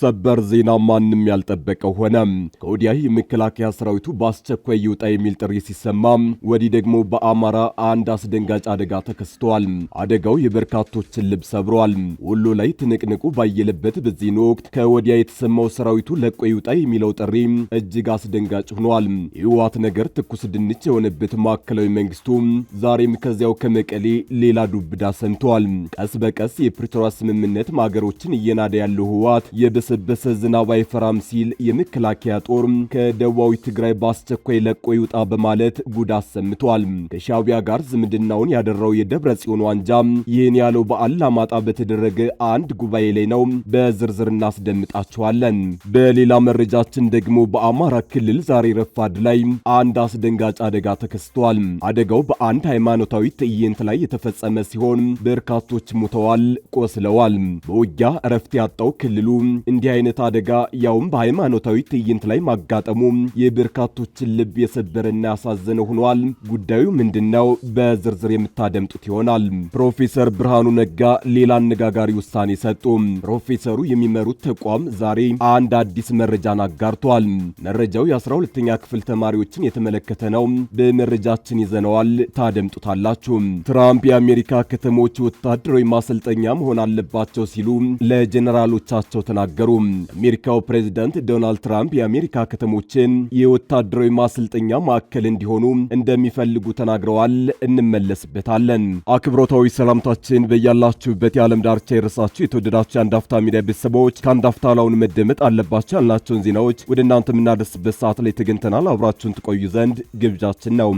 ሰበር ዜና ማንም ያልጠበቀው ሆነ። ከወዲያ የመከላከያ ሰራዊቱ በአስቸኳይ ይውጣ የሚል ጥሪ ሲሰማ፣ ወዲህ ደግሞ በአማራ አንድ አስደንጋጭ አደጋ ተከስተዋል። አደጋው የበርካቶችን ልብ ሰብሯል። ወሎ ላይ ትንቅንቁ ባየለበት በዚህን ወቅት ከወዲያ የተሰማው ሰራዊቱ ለቆ ይውጣ የሚለው ጥሪ እጅግ አስደንጋጭ ሆኗል። የህወሓት ነገር ትኩስ ድንች የሆነበት ማዕከላዊ መንግስቱ ዛሬም ከዚያው ከመቀሌ ሌላ ዱብዳ ሰምተዋል። ቀስ በቀስ የፕሪቶሪያ ስምምነት ማገሮችን እየናደ ያለው ህወሓት የተበሰበሰ ዝናብ አይፈራም ሲል የመከላከያ ጦር ከደቡባዊ ትግራይ በአስቸኳይ ለቆ ይውጣ በማለት ጉድ አሰምቷል። ከሻቢያ ጋር ዝምድናውን ያደራው የደብረ ጽዮን ዋንጃ ይህን ያለው በአላማጣ በተደረገ አንድ ጉባኤ ላይ ነው። በዝርዝር እናስደምጣችኋለን። በሌላ መረጃችን ደግሞ በአማራ ክልል ዛሬ ረፋድ ላይ አንድ አስደንጋጭ አደጋ ተከስቷል። አደጋው በአንድ ሃይማኖታዊ ትዕይንት ላይ የተፈጸመ ሲሆን በርካቶች ሙተዋል፣ ቆስለዋል። በውጊያ እረፍት ያጣው ክልሉ እንዲህ አይነት አደጋ ያውም በሃይማኖታዊ ትዕይንት ላይ ማጋጠሙ የበርካቶችን ልብ የሰበረና ያሳዘነ ሆኗል። ጉዳዩ ምንድን ነው? በዝርዝር የምታደምጡት ይሆናል። ፕሮፌሰር ብርሃኑ ነጋ ሌላ አነጋጋሪ ውሳኔ ሰጡ። ፕሮፌሰሩ የሚመሩት ተቋም ዛሬ አንድ አዲስ መረጃን አጋርቷል። መረጃው የ12ኛ ክፍል ተማሪዎችን የተመለከተ ነው። በመረጃችን ይዘነዋል፣ ታደምጡታላችሁ። ትራምፕ የአሜሪካ ከተሞች ወታደራዊ ማሰልጠኛ መሆን አለባቸው ሲሉ ለጀኔራሎቻቸው ተናገሩ። ተናገሩ። አሜሪካው ፕሬዚዳንት ዶናልድ ትራምፕ የአሜሪካ ከተሞችን የወታደራዊ ማሰልጠኛ ማዕከል እንዲሆኑ እንደሚፈልጉ ተናግረዋል። እንመለስበታለን። አክብሮታዊ ሰላምታችን በያላችሁበት የዓለም ዳርቻ የረሳችሁ የተወደዳችሁ የአንዳፍታ ሚዲያ ቤተሰቦች ከአንዳፍታ ላውን መደመጥ አለባቸው ያልናቸውን ዜናዎች ወደ እናንተ የምናደርስበት ሰዓት ላይ ተገኝተናል። አብራችሁን ትቆዩ ዘንድ ግብዣችን ነው።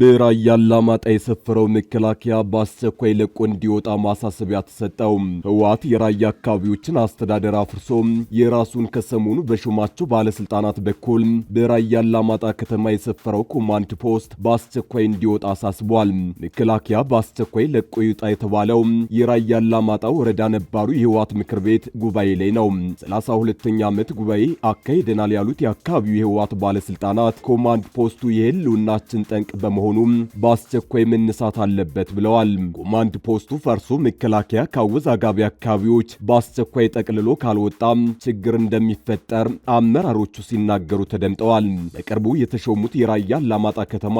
በራያ አላማጣ የሰፈረው መከላከያ በአስቸኳይ ለቆ እንዲወጣ ማሳሰቢያ ተሰጠው። ህወሓት የራያ አካባቢዎችን አስተዳደር አፍርሶ የራሱን ከሰሞኑ በሾማቸው ባለስልጣናት በኩል በራያ አላማጣ ከተማ የሰፈረው ኮማንድ ፖስት በአስቸኳይ እንዲወጣ አሳስቧል። መከላከያ በአስቸኳይ ለቆ ይውጣ የተባለው የራያ አላማጣ ወረዳ ነባሩ የህወሓት ምክር ቤት ጉባኤ ላይ ነው። 32ኛ ዓመት ጉባኤ አካሂደናል ያሉት የአካባቢው የህወሓት ባለስልጣናት ኮማንድ ፖስቱ የህልውናችን ጠንቅ በመሆ በመሆኑም በአስቸኳይ መነሳት አለበት ብለዋል። ኮማንድ ፖስቱ ፈርሶ መከላከያ ከአወዛጋቢ አካባቢዎች በአስቸኳይ ጠቅልሎ ካልወጣም ችግር እንደሚፈጠር አመራሮቹ ሲናገሩ ተደምጠዋል። በቅርቡ የተሾሙት የራያ አላማጣ ከተማ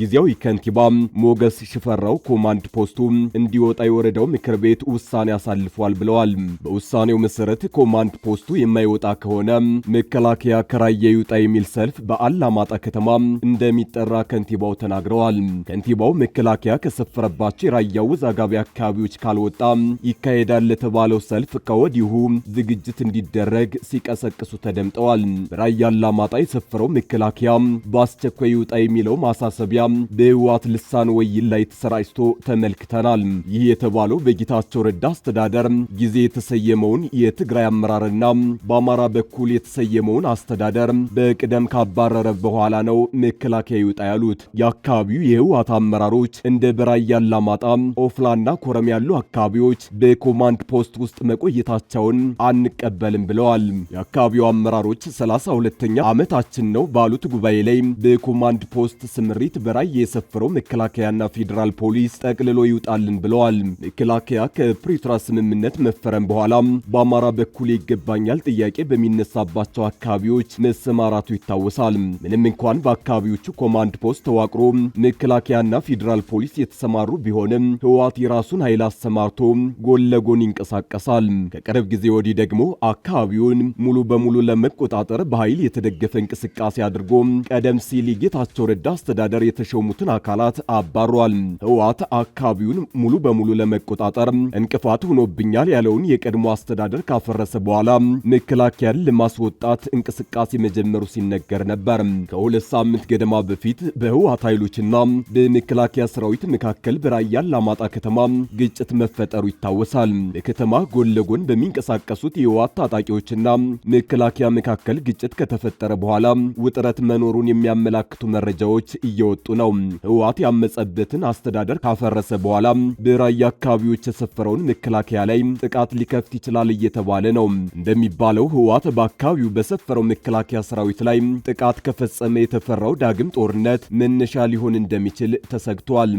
ጊዜያዊ ከንቲባ ሞገስ ሽፈራው ኮማንድ ፖስቱ እንዲወጣ የወረዳው ምክር ቤት ውሳኔ አሳልፏል ብለዋል። በውሳኔው መሰረት ኮማንድ ፖስቱ የማይወጣ ከሆነ መከላከያ ከራያ ይውጣ የሚል ሰልፍ በአላማጣ ከተማ እንደሚጠራ ከንቲባው ተናግረዋል። ተናግረዋል። ከንቲባው መከላከያ ከሰፈረባቸው የራያ ውዝ አካባቢዎች ካልወጣ ይካሄዳል ለተባለው ሰልፍ ከወዲሁ ዝግጅት እንዲደረግ ሲቀሰቅሱ ተደምጠዋል። በራያ አላማጣ የሰፈረው መከላከያ በአስቸኳይ ይውጣ የሚለው ማሳሰቢያ በህወሓት ልሳን ወይን ላይ ተሰራጭቶ ተመልክተናል። ይህ የተባለው በጌታቸው ረዳ አስተዳደር ጊዜ የተሰየመውን የትግራይ አመራርና በአማራ በኩል የተሰየመውን አስተዳደር በቅደም ካባረረ በኋላ ነው መከላከያ ይውጣ ያሉት። በአካባቢው የህወሓት አመራሮች እንደ በራያ አላማጣ፣ ኦፍላና ኮረም ያሉ አካባቢዎች በኮማንድ ፖስት ውስጥ መቆየታቸውን አንቀበልም ብለዋል። የአካባቢው አመራሮች ሰላሳ ሁለተኛ ዓመታችን ነው ባሉት ጉባኤ ላይ በኮማንድ ፖስት ስምሪት በራያ የሰፈረው መከላከያና ፌዴራል ፖሊስ ጠቅልሎ ይውጣልን ብለዋል። መከላከያ ከፕሪቶሪያ ስምምነት መፈረም በኋላ በአማራ በኩል ይገባኛል ጥያቄ በሚነሳባቸው አካባቢዎች መሰማራቱ ይታወሳል። ምንም እንኳን በአካባቢዎቹ ኮማንድ ፖስት ተዋቅሮ መከላከያና ፌዴራል ፖሊስ የተሰማሩ ቢሆንም ህወሓት የራሱን ኃይል አሰማርቶ ጎን ለጎን ይንቀሳቀሳል። ከቅርብ ጊዜ ወዲህ ደግሞ አካባቢውን ሙሉ በሙሉ ለመቆጣጠር በኃይል የተደገፈ እንቅስቃሴ አድርጎ ቀደም ሲል የጌታቸው ረዳ አስተዳደር የተሾሙትን አካላት አባሯል። ህወሓት አካባቢውን ሙሉ በሙሉ ለመቆጣጠር እንቅፋት ሆኖብኛል ያለውን የቀድሞ አስተዳደር ካፈረሰ በኋላ መከላከያን ለማስወጣት እንቅስቃሴ መጀመሩ ሲነገር ነበር። ከሁለት ሳምንት ገደማ በፊት በህወሓት ኃይሎች ኃይሎችና በመከላከያ ሰራዊት መካከል በራያ አላማጣ ከተማ ግጭት መፈጠሩ ይታወሳል። በከተማ ጎን ለጎን በሚንቀሳቀሱት የህወሓት ታጣቂዎችና መከላከያ መካከል ግጭት ከተፈጠረ በኋላ ውጥረት መኖሩን የሚያመላክቱ መረጃዎች እየወጡ ነው። ህወሓት ያመጸበትን አስተዳደር ካፈረሰ በኋላ በራያ አካባቢዎች የሰፈረውን መከላከያ ላይ ጥቃት ሊከፍት ይችላል እየተባለ ነው። እንደሚባለው ህወሓት በአካባቢው በሰፈረው መከላከያ ሰራዊት ላይ ጥቃት ከፈጸመ የተፈራው ዳግም ጦርነት መነሻ ሊሆን እንደሚችል ተሰግቷል።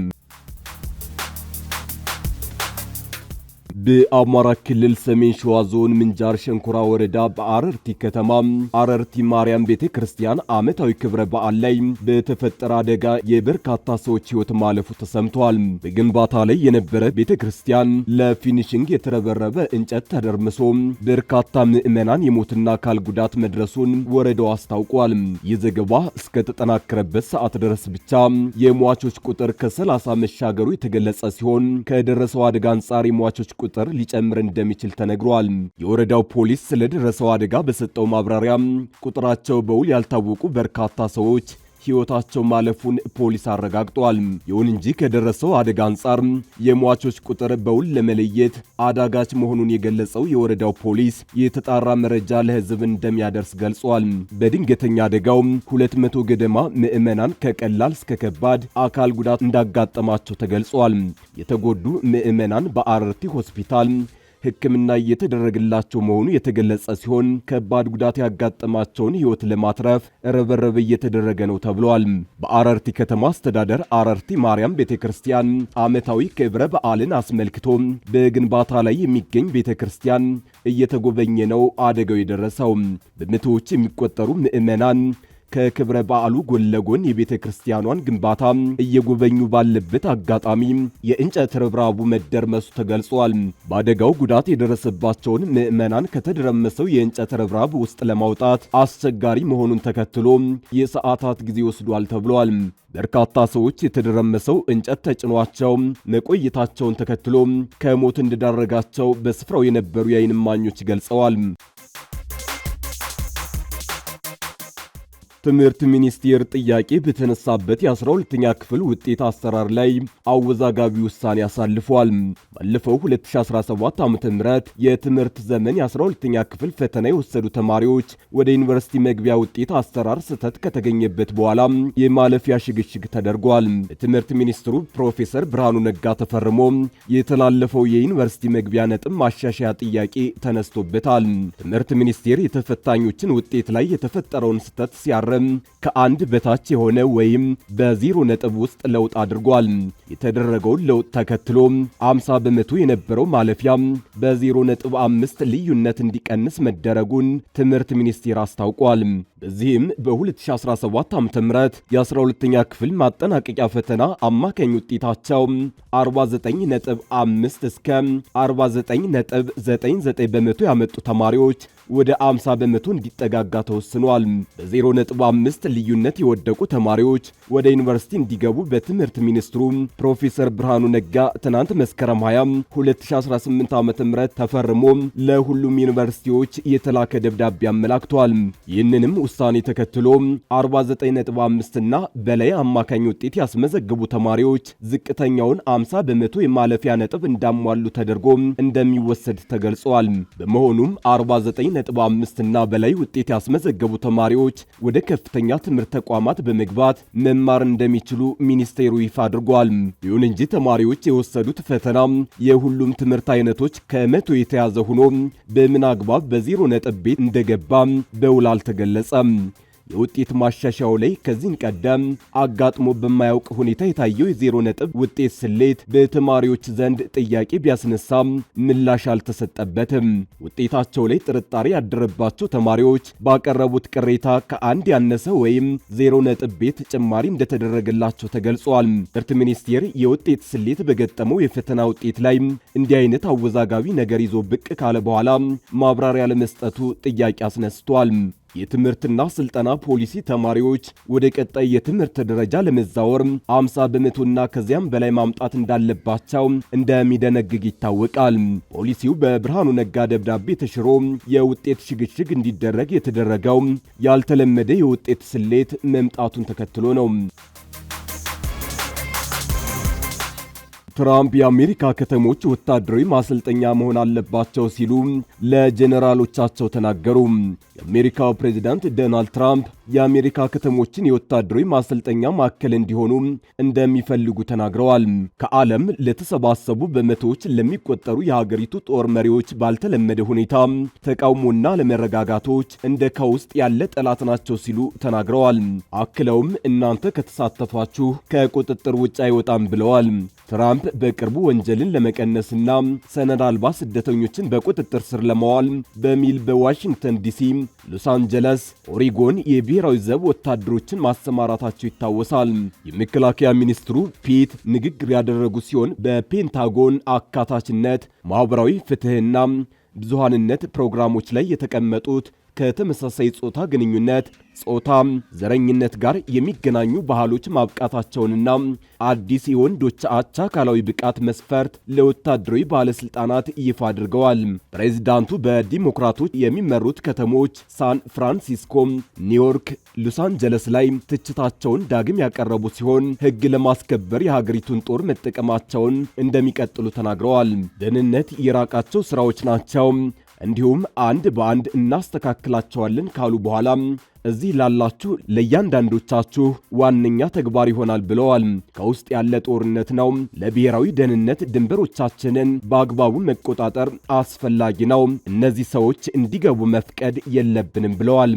በአማራ ክልል ሰሜን ሸዋ ዞን ምንጃር ሸንኮራ ወረዳ በአረርቲ ከተማ አረርቲ ማርያም ቤተ ክርስቲያን ዓመታዊ ክብረ በዓል ላይ በተፈጠረ አደጋ የበርካታ ሰዎች ሕይወት ማለፉ ተሰምቷል። በግንባታ ላይ የነበረ ቤተ ክርስቲያን ለፊኒሽንግ የተረበረበ እንጨት ተደርምሶ በርካታ ምዕመናን የሞትና አካል ጉዳት መድረሱን ወረዳው አስታውቋል። ይህ ዘገባ እስከተጠናከረበት ሰዓት ድረስ ብቻ የሟቾች ቁጥር ከ30 መሻገሩ የተገለጸ ሲሆን ከደረሰው አደጋ አንጻር የሟቾች ቁጥር ቁጥር ሊጨምር እንደሚችል ተነግሯል። የወረዳው ፖሊስ ስለደረሰው አደጋ በሰጠው ማብራሪያ ቁጥራቸው በውል ያልታወቁ በርካታ ሰዎች ሕይወታቸው ማለፉን ፖሊስ አረጋግጧል። ይሁን እንጂ ከደረሰው አደጋ አንጻር የሟቾች ቁጥር በውል ለመለየት አዳጋች መሆኑን የገለጸው የወረዳው ፖሊስ የተጣራ መረጃ ለሕዝብ እንደሚያደርስ ገልጿል። በድንገተኛ አደጋው 200 ገደማ ምዕመናን ከቀላል እስከ ከባድ አካል ጉዳት እንዳጋጠማቸው ተገልጿል። የተጎዱ ምዕመናን በአረርቲ ሆስፒታል ሕክምና እየተደረገላቸው መሆኑ የተገለጸ ሲሆን ከባድ ጉዳት ያጋጠማቸውን ሕይወት ለማትረፍ ረበረበ እየተደረገ ነው ተብሏል። በአረርቲ ከተማ አስተዳደር አረርቲ ማርያም ቤተ ክርስቲያን ዓመታዊ ክብረ በዓልን አስመልክቶ በግንባታ ላይ የሚገኝ ቤተ ክርስቲያን እየተጎበኘ ነው አደጋው የደረሰው በመቶዎች የሚቆጠሩ ምዕመናን ከክብረ በዓሉ ጎን ለጎን የቤተ ክርስቲያኗን ግንባታ እየጎበኙ ባለበት አጋጣሚ የእንጨት ርብራቡ መደርመሱ ተገልጿል። በአደጋው ጉዳት የደረሰባቸውን ምዕመናን ከተደረመሰው የእንጨት ርብራብ ውስጥ ለማውጣት አስቸጋሪ መሆኑን ተከትሎ የሰዓታት ጊዜ ወስዷል ተብሏል። በርካታ ሰዎች የተደረመሰው እንጨት ተጭኗቸው መቆየታቸውን ተከትሎ ከሞት እንደዳረጋቸው በስፍራው የነበሩ የዓይን እማኞች ገልጸዋል። ትምህርት ሚኒስቴር ጥያቄ በተነሳበት የ12ኛ ክፍል ውጤት አሰራር ላይ አወዛጋቢ ውሳኔ አሳልፏል። ባለፈው 2017 ዓ ም የትምህርት ዘመን የ12ኛ ክፍል ፈተና የወሰዱ ተማሪዎች ወደ ዩኒቨርሲቲ መግቢያ ውጤት አሰራር ስህተት ከተገኘበት በኋላ የማለፊያ ሽግሽግ ተደርጓል። በትምህርት ሚኒስትሩ ፕሮፌሰር ብርሃኑ ነጋ ተፈርሞ የተላለፈው የዩኒቨርሲቲ መግቢያ ነጥብ ማሻሻያ ጥያቄ ተነስቶበታል። ትምህርት ሚኒስቴር የተፈታኞችን ውጤት ላይ የተፈጠረውን ስህተት ሲያ በስተቀርም ከአንድ በታች የሆነ ወይም በዜሮ ነጥብ ውስጥ ለውጥ አድርጓል። የተደረገውን ለውጥ ተከትሎ 50 በመቶ የነበረው ማለፊያ በ ነጥብ ልዩነት እንዲቀንስ መደረጉን ትምህርት ሚኒስቴር አስታውቋል። በዚህም በ2017 ዓ ም የ12ኛ ክፍል ማጠናቀቂያ ፈተና አማካኝ ውጤታቸው 49.5 እስከ 49.99 በመቶ ያመጡ ተማሪዎች ወደ 50 በመቶ እንዲጠጋጋ ተወስኗል። በ0.5 በአምስት ልዩነት የወደቁ ተማሪዎች ወደ ዩኒቨርሲቲ እንዲገቡ በትምህርት ሚኒስትሩ ፕሮፌሰር ብርሃኑ ነጋ ትናንት መስከረም 20 2018 ዓ.ም ተፈርሞ ለሁሉም ዩኒቨርሲቲዎች የተላከ ደብዳቤ አመላክቷል። ይህንንም ውሳኔ ተከትሎ 49.5 እና በላይ አማካኝ ውጤት ያስመዘግቡ ተማሪዎች ዝቅተኛውን 50 በመቶ የማለፊያ ነጥብ እንዳሟሉ ተደርጎ እንደሚወሰድ ተገልጿል። በመሆኑም 49.5 እና በላይ ውጤት ያስመዘገቡ ተማሪዎች ወደ ከፍተኛ ትምህርት ተቋማት በመግባት መማር እንደሚችሉ ሚኒስቴሩ ይፋ አድርጓል። ይሁን እንጂ ተማሪዎች የወሰዱት ፈተና የሁሉም ትምህርት አይነቶች ከመቶ የተያዘ ሆኖ በምን አግባብ በዜሮ ነጥብ ቤት እንደገባ በውል አልተገለጸም። የውጤት ማሻሻያው ላይ ከዚህን ቀደም አጋጥሞ በማያውቅ ሁኔታ የታየው የዜሮ ነጥብ ውጤት ስሌት በተማሪዎች ዘንድ ጥያቄ ቢያስነሳም ምላሽ አልተሰጠበትም። ውጤታቸው ላይ ጥርጣሬ ያደረባቸው ተማሪዎች ባቀረቡት ቅሬታ ከአንድ ያነሰ ወይም ዜሮ ነጥብ ቤት ጭማሪ እንደተደረገላቸው ተገልጿል። ትምህርት ሚኒስቴር የውጤት ስሌት በገጠመው የፈተና ውጤት ላይ እንዲህ አይነት አወዛጋቢ ነገር ይዞ ብቅ ካለ በኋላ ማብራሪያ ለመስጠቱ ጥያቄ አስነስቷል። የትምህርትና ስልጠና ፖሊሲ ተማሪዎች ወደ ቀጣይ የትምህርት ደረጃ ለመዛወር 50 በመቶና ከዚያም በላይ ማምጣት እንዳለባቸው እንደሚደነግግ ይታወቃል። ፖሊሲው በብርሃኑ ነጋ ደብዳቤ ተሽሮ የውጤት ሽግሽግ እንዲደረግ የተደረገው ያልተለመደ የውጤት ስሌት መምጣቱን ተከትሎ ነው። ትራምፕ የአሜሪካ ከተሞች ወታደራዊ ማሰልጠኛ መሆን አለባቸው ሲሉ ለጀኔራሎቻቸው ተናገሩ። የአሜሪካው ፕሬዚዳንት ዶናልድ ትራምፕ የአሜሪካ ከተሞችን የወታደራዊ ማሰልጠኛ ማዕከል እንዲሆኑ እንደሚፈልጉ ተናግረዋል። ከዓለም ለተሰባሰቡ በመቶዎች ለሚቆጠሩ የሀገሪቱ ጦር መሪዎች ባልተለመደ ሁኔታ ተቃውሞና ለመረጋጋቶች እንደ ከውስጥ ያለ ጠላት ናቸው ሲሉ ተናግረዋል። አክለውም እናንተ ከተሳተፋችሁ ከቁጥጥር ውጭ አይወጣም ብለዋል። ትራምፕ በቅርቡ ወንጀልን ለመቀነስና ሰነድ አልባ ስደተኞችን በቁጥጥር ስር ለማዋል በሚል በዋሽንግተን ዲሲ፣ ሎስ አንጀለስ፣ ኦሪጎን የብሔራዊ ዘብ ወታደሮችን ማሰማራታቸው ይታወሳል። የመከላከያ ሚኒስትሩ ፒት ንግግር ያደረጉ ሲሆን በፔንታጎን አካታችነት ማኅበራዊ ፍትሕና ብዙሃንነት ፕሮግራሞች ላይ የተቀመጡት ከተመሳሳይ ጾታ ግንኙነት፣ ጾታ፣ ዘረኝነት ጋር የሚገናኙ ባህሎች ማብቃታቸውንና አዲስ የወንዶች አቻ አካላዊ ብቃት መስፈርት ለወታደራዊ ባለስልጣናት ይፋ አድርገዋል። ፕሬዚዳንቱ በዲሞክራቶች የሚመሩት ከተሞች ሳን ፍራንሲስኮ፣ ኒውዮርክ፣ ሎስ አንጀለስ ላይ ትችታቸውን ዳግም ያቀረቡ ሲሆን ሕግ ለማስከበር የሀገሪቱን ጦር መጠቀማቸውን እንደሚቀጥሉ ተናግረዋል። ደህንነት የራቃቸው ስራዎች ናቸው እንዲሁም አንድ በአንድ እናስተካክላቸዋለን ካሉ በኋላ እዚህ ላላችሁ ለእያንዳንዶቻችሁ ዋነኛ ተግባር ይሆናል ብለዋል። ከውስጥ ያለ ጦርነት ነው። ለብሔራዊ ደህንነት ድንበሮቻችንን በአግባቡ መቆጣጠር አስፈላጊ ነው። እነዚህ ሰዎች እንዲገቡ መፍቀድ የለብንም ብለዋል።